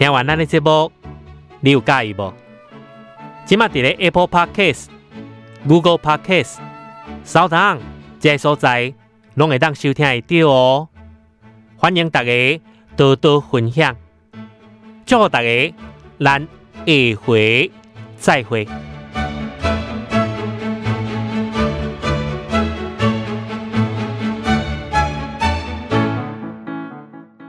聽完咱呢啲節目，你有介意不？即刻在，在 Apple Podcast、Google Podcast、SoundOn 這些所在，都會當收聽得到哦。歡迎大家多多分享，祝福大家，咱下回再會。